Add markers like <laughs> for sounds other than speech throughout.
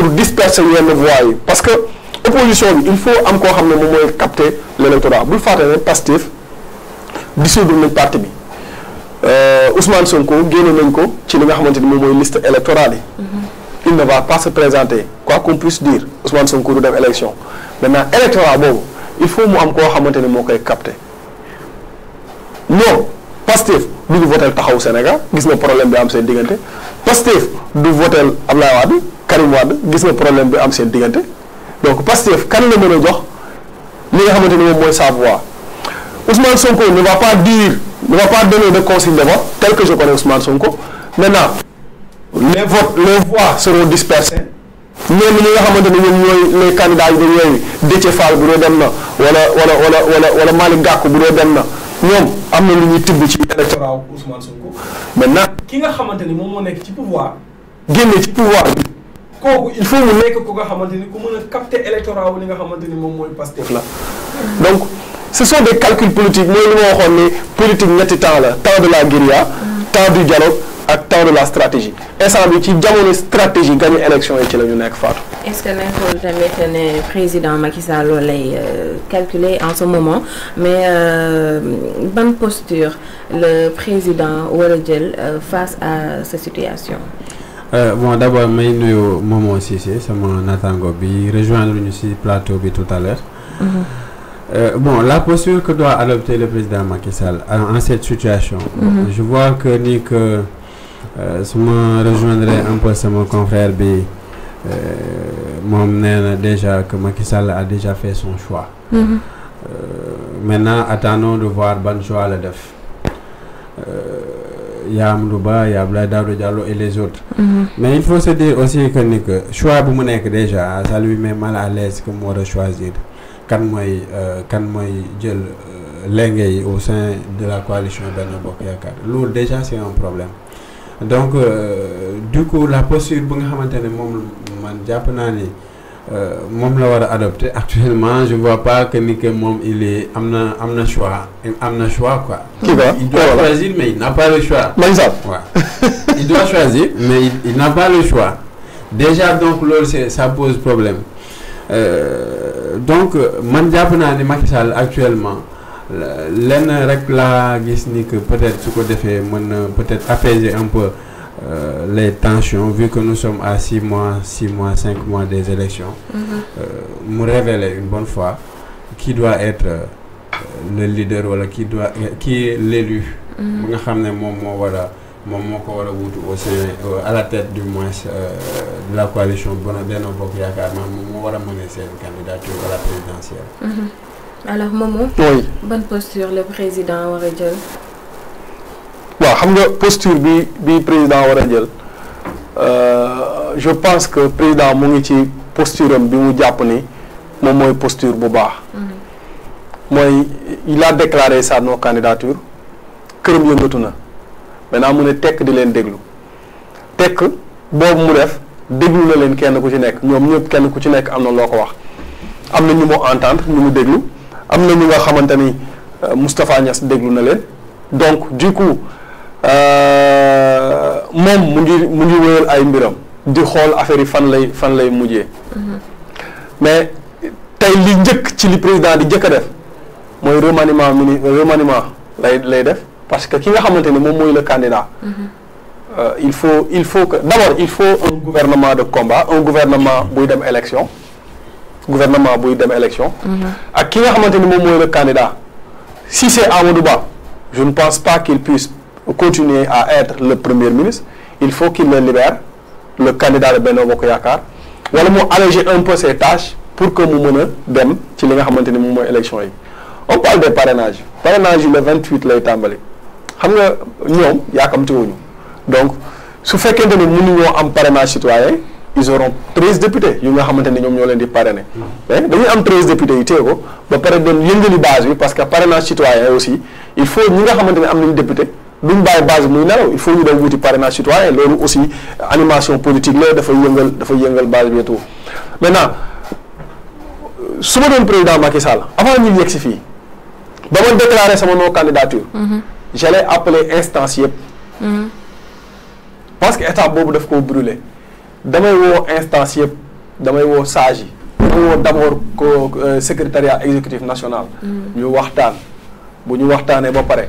pour disperser les voix parce que opposition il faut encore l'électorat capter l'électorat bul fàtte le pastif, dissoudre nañ parti Euh, Ousmane Sonko génne nañ ko ci li nga liste électorale mm-hmm. il ne va pas se présenter quoi qu'on puisse dire Ousmane Sonko dans l'élection élection maintenant électorat boobu il faut mu am non xamante ni moo koy capter non Pastef nous votel taxaw Sénégal c'est na problème de am seen diggante Pastef du à Abdoulaye Wade Karim Wade gis nga problème bi am seen diggante donc Pastef kan la mën a jox li nga xamante ni moom mooy sa voix Ousmane Sonko ne va pas dire ne va pas donner de consigne de vote tel que je connais Ousmane Sonko maintenant les votes les voix seront dispersées ñoom ñi nga xamante ni ñoom ñooy les candidats yi dañu yooyu Déthié Fall bu dee dem na wala wala wala wala wala Malick Gakou bu dee dem na ñoom am na lu ñuy tibb ci électorat Ousmane Sonko maintenant ki nga xamante ni moom moo nekk ci pouvoir génne ci pouvoir il faut mu nekk ku nga xamante ni ku capter électorat wu li nga xamante ni moom mooy Pastef la donc ce sont des calculs politiques mooy li ma waxoon ni politique ñetti temps la temps de la guérilla temps du dialogue ak temps de la stratégie instant bi ci une stratégie gañu élection yi ci la ñu nekk est-ce que nekkul tamit le président Macky Sall l'oeil lay euh, calculer en ce moment mais euh, ban posture le président war a euh, face à cette situation. Euh, bon d'abord may nuyu Momo Cissé sama natango bi rejoindre une plateau tout à l'heure mhm. euh, bon la posture que doit adopter le président Macky Sall euh, en, cette situation mhm. je vois que ni que euh, un peu mon confrère bi déjà que Macky Sall a déjà fait son choix mhm. maintenant attendons de voir joie à la def il y a Amdouba, il y a Diallo et les autres. Mhm. Mais il faut se dire aussi que le choix que déjà, ça lui met mal à l'aise que moi de choisir. Quand moi, quand moi, je au sein de la coalition Benobok Yakar. L'autre, déjà, c'est un problème. Donc, euh, du coup, la posture, je pense que euh, mom la wara adopté actuellement je vois pas que ni que mom il est un choix amna choix quoi. il doit choisir mais il n'a pas le choix. mais il doit choisir mais il, il n'a pas le choix déjà donc loolu ça pose problème euh, donc man jappna ni Macky actuellement lenn rek la gis ni que peut-être su peut-être apaiser un peu. Euh, les tensions, vu que nous sommes à 6 mois, 6 mois, 5 mois des élections, mhm. euh, me révéler une bonne fois qui doit être euh, le leader voilà, qui, doit, qui est l'élu. Mm -hmm. voilà, au sein, euh, à la tête du moins de la coalition Bonabeno Bokyakar, voilà essai candidature à la présidentielle. Mhm. Alors, Momo, oui. bonne posture, le président Aurédiol bon, xam nga posture bi bi président war a jël euh, je pense que président mu ngi ci posture am bi mu jàpp ni moom mooy posture bu baax. Mm-hmm. mooy il a déclaré sa non candidature këram yëngatu na maintenant mu ne tekk di leen déglu tekk boobu mu def déglu la leen kenn ku ci nekk ñoom ñëpp kenn ku ci nekk am na loo ko wax am na ñu mu entendre ñu mu déglu am na ñu nga xamante ni euh, Moustapha Niass déglu na leen donc du coup. Euh, moom mu ngi mu ay mbiram di xool affaire yi fan lay fan lay mujjee mhm. mais tey li njëkk ci li président di njëkk a def mooy remaniement mini remaniement lay lay def parce que ki nga xamante ne moom le candidat mhm. euh, il faut il faut que d'abord il faut un gouvernement de combat un gouvernement buy dem élection gouvernement buy dem élection mhm. ak ki nga xamante ni moom le candidat si c'est Amadou Ba je ne pense pas qu'il puisse continuer à être le premier ministre il faut qu'il le libère le candidat de Benno Bokoyakar, ou wala alléger un peu ses tâches pour que nous puissions a dem ci élection on parle des parrainages parrainage le 28 lay tàmbali xam nga ñoom yaakamti wuñu donc su fekkente ni un am parrainage citoyen ils auront 13 députés Ils nga xamante ni ñoom ñoo leen di parrainer mais 13 députés yi ba parce dem yëngali base bi parce que parrainage citoyen aussi il faut que nga xamante un am députés. député duñ bàyyi base muy il faut ñu dem wuti parrainage citoyen leur aussi animation politique leur dafay yëngal dafay yëngal base bi maintenant sous ma président Macky Sall avant ñu yegg si fii ba ma déclarer sama non candidature. Mhm. j'allais appeler instance mhm. parce que état boobu daf koo brûler damay woo instance yëpp damay woo sage yi. damay d'abord ko euh, secrétariat exécutif national. Mhm. ñu waxtaan bu ñu waxtaanee ba pare.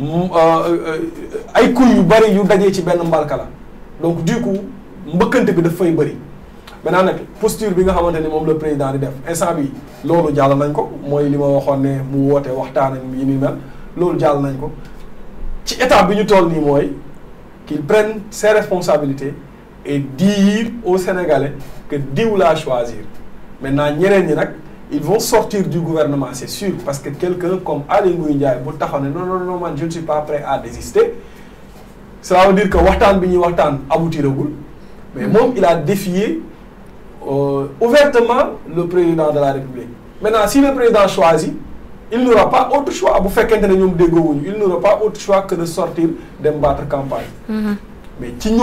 Euh, euh, ay yu bari yu dajee ci donc du coup mbëkkante bi daf fay bari maintenant nag posture bi nga ni le président di def instant bi loolu jàll nañ ko li ma mu woote waxtaan ak ni bi prenne ses responsabilités et dire au Sénégalais que diw choisir maintenant ñeneen ñi ils vont sortir du gouvernement, c'est sûr, parce que quelqu'un comme Ali Ndiaye, non, non, non, je ne suis pas prêt à désister, cela veut dire que Watan Bini Watan aboutit Mais il a défié euh, ouvertement le président de la République. Maintenant, si le président choisit, il n'aura pas autre choix. il n'aura pas autre choix que de sortir de battre campagne. Mm-hmm. Mais si nous,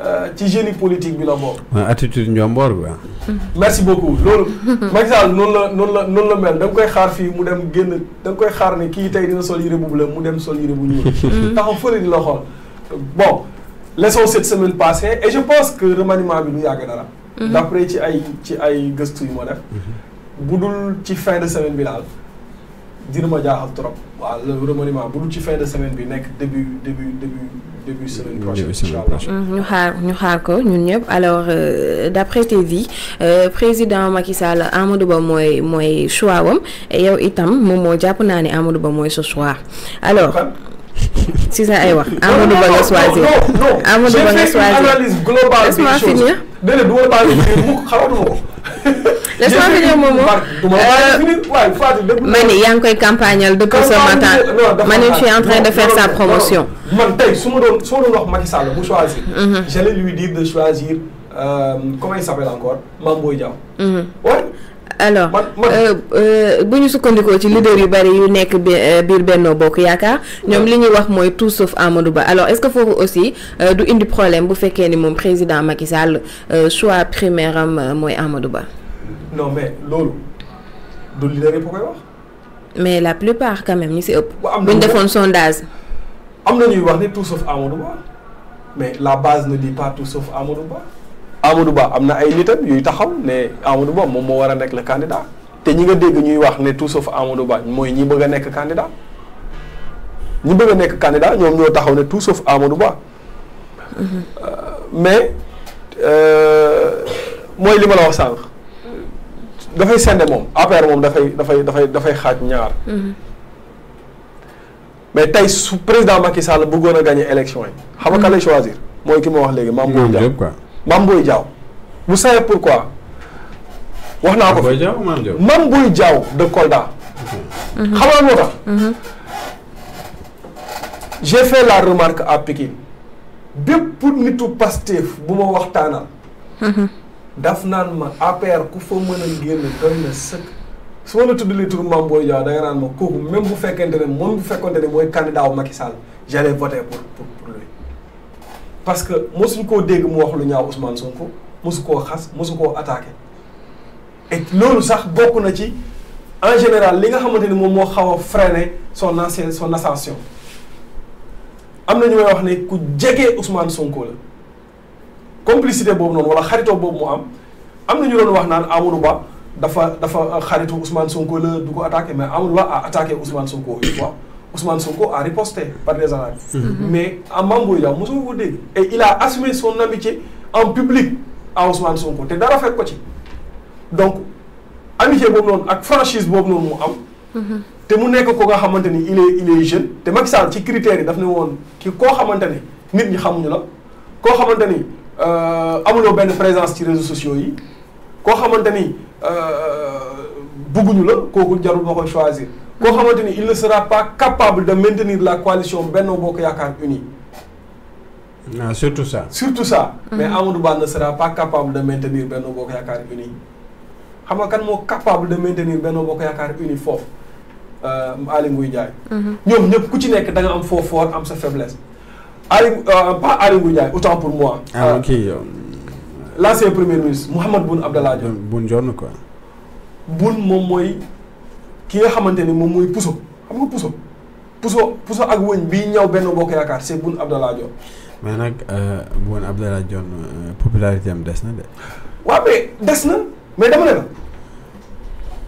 Euh, génie politique attitude merci beaucoup Macky non non la non la non la mel da xaar mu dem génn da mm-hmm. bon laissons cette semaine passer et je pense que remaniement mm-hmm. d'après ci ay ci ay mm-hmm. ci fin de semaine dina ma trop le remaniement bu ci fin de semaine bi alors d'après tes euh, président Macky choix wam yow itam moom alors. ça <laughs> laisse-moi Momo euh, mani je suis en train de faire sa promotion j'allais lui dire de choisir euh, comment il s'appelle encore mhm. alors euh, leader tout sauf Amadou alors est-ce que faut aussi du indi problème bu que ni président Macky Sall choix primaire am non mais Lolo, de pour koy mais la plupart quand même c'est une une buñ sondage. tout sauf Amadou mais la base ne dit pas tout sauf Amadou Ba Amadou Ba am mais ay taxaw ne Amadou Ba le candidat te ñi nga dégg tout sauf Amadou Ba a candidat veulent tout sauf Amadou Ba mhm. euh, mais euh, moi li ma la dafay sende moom APR moom dafay dafay dafay dafay xaaj ñaar. Mhm. mais tey su président Macky Sall bëggoon a gagné élection yi. xam nga kan lay mhm. choisir mooy ki ma wax léegi Mame Boye Diao Mame Boye Diao vous savez wax naa ko fi Mame Boye Diao de Kolda. Mhm. xam nga moo la remarque à Pikine bépp nitu Pastef bu ma waxtaanal. daf naan ma APR ku fa mën a génn doy na sëkk su ma la turu Mame Boye Diao da nga naan ma kooku même bu fekkente ne moom bu fekkonte ne mooy candidat wu Macky Sall j'allais pour pour lui parce que mosuñ koo dégg mu wax lu ñaaw Ousmane Sonko mosu koo xas mosu koo attaqué et loolu sax bokk na ci en général li nga xamante ni moom moo xaw a son ancien son ascension am na ñu may wax ne ku jege Ousmane Sonko la complicité boobu non wala xaritoo boobu mu am am na ñu doon wax naan Amadou Ba dafa dafa xaritu Ousmane Sonko le du ko mais Amadou Ba a Ousmane Sonko une fois Ousmane Sonko a riposté par des arabes mhm. mais Mame Boye Diao mosoo ko dégg. et il a assumé son amitié en public à Ousmane Sonko té dara fekk ko ci donc amitié boobu non ak franchise boobu non mu am. Mhm. té mu nekk ko nga xamanteni il est il est jeune té Macky Sall ci critères daf ne won ki ko xamanteni nit ñi xamuñu la ko xamanteni il euh, présence ci réseaux sociaux yi euh, la choisir. il ne sera pas capable de maintenir la coalition Benno Bokk surtout ça. surtout ça. Mm-hmm. mais Amadou ne sera pas capable de maintenir Benno Bokk unie xam nga kan capable de maintenir Benno Bokk unie fort fort am sa faiblesse. Aly euh, pas Aly Ngouille Ndiaye autant pour moi. ah ok euh, l'ancien premier ministre Mahammed Boun Abdallah Dionne. Boun Dionne quoi. Boun moom mooy ki nga xamante ni moom mooy puso xam nga puso puso puso ak wëñ bi ñaw benn bokk yaakaar c'est Boun Abdallah Dionne. mais nag euh, Boun Abdallah Dionne popularité am des na de. waaw des na mais dama ne la.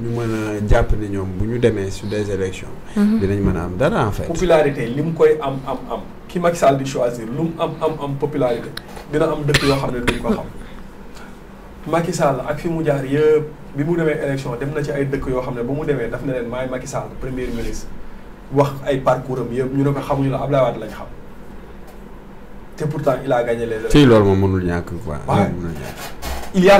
ñu mën a jàpp ne ñoom bu ñu demee su des élections mm-hmm. dinañ mën a am dara en fait popularité li mu koy am am am ki Macky Sall di choisir lu mu am am am popularité dina am dëkk yoo xam ne duñ ko xam Macky Sall ak fi mu jaar yëpp bi mu demee élection dem na ci ay dëkk yoo xam ne ba mu demee daf na leen maay Macky Sall premier ministre wax ay parcours am yëpp ñu ne ko xamuñu la Abdoulaye Wade lañ xam te pourtant il a gagné les fii loolu moom mënul ñàkk quoi. il y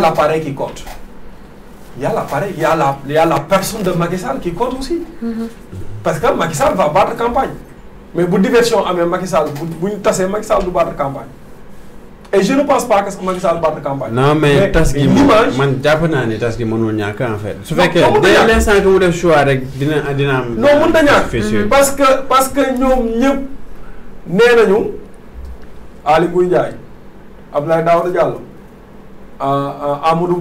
il y a l'appareil, il, la, il y, a la personne de Macky Sall qui compte aussi. Mhm. Parce que Macky Sall va battre campagne. Mais pour diversion, avec Macky Sall, vous tassez Macky Sall va battre campagne. Et je ne pense pas que Macky Sall battre campagne. Non, mais, mais tas qui l'image. Man, japonais n'est tas qui mon n'y en fait. Ce fait que dès l'instant que vous le choix avec dynam. Non, mon n'y mhm. Parce que parce que nous nous n'est pas nous. Ali Abdoulaye Daouda Diallo, ah, ah, Amadou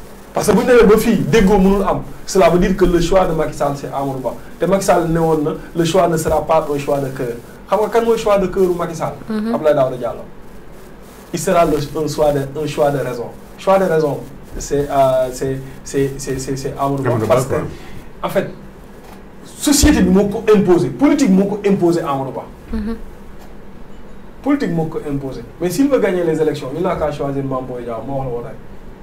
parce que vous vous pas ba fii cela veut dire que le choix de Macky Sall c'est Amour Ba Et Macky Sall le choix ne sera pas un choix de cœur Quand quel choix de cœur Macky Sall. Mm-hmm. il sera un choix de un choix raison choix de raison c'est euh, c'est c'est c'est c'est en fait société est imposée, politique est imposée imposé pas mm-hmm. politique est imposée. mais s'il veut gagner les élections il n'a qu'à choisir le membre Diao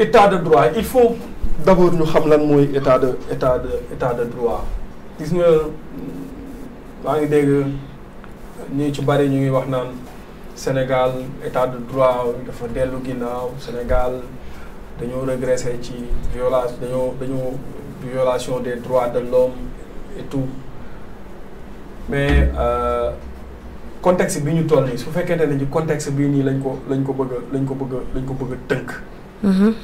état de droit il faut d'abord nous xam lan de état état de droit Nous avons dégg Sénégal état de droit faut Sénégal ci violation violation des droits de l'homme et tout mais euh, contexte bi contexte lañ ko lañ Mhm.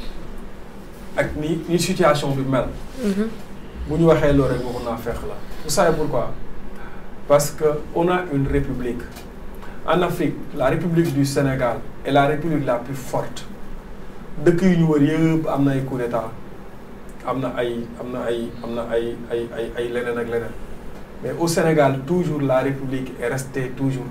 ak ni situation bi mel. Mhm. vous savez pourquoi parce que on a une république en Afrique la république du Sénégal est la république la plus forte Depuis yu ñu wër yëpp am ay coup d'état am ay mais au Sénégal toujours la république est restée toujours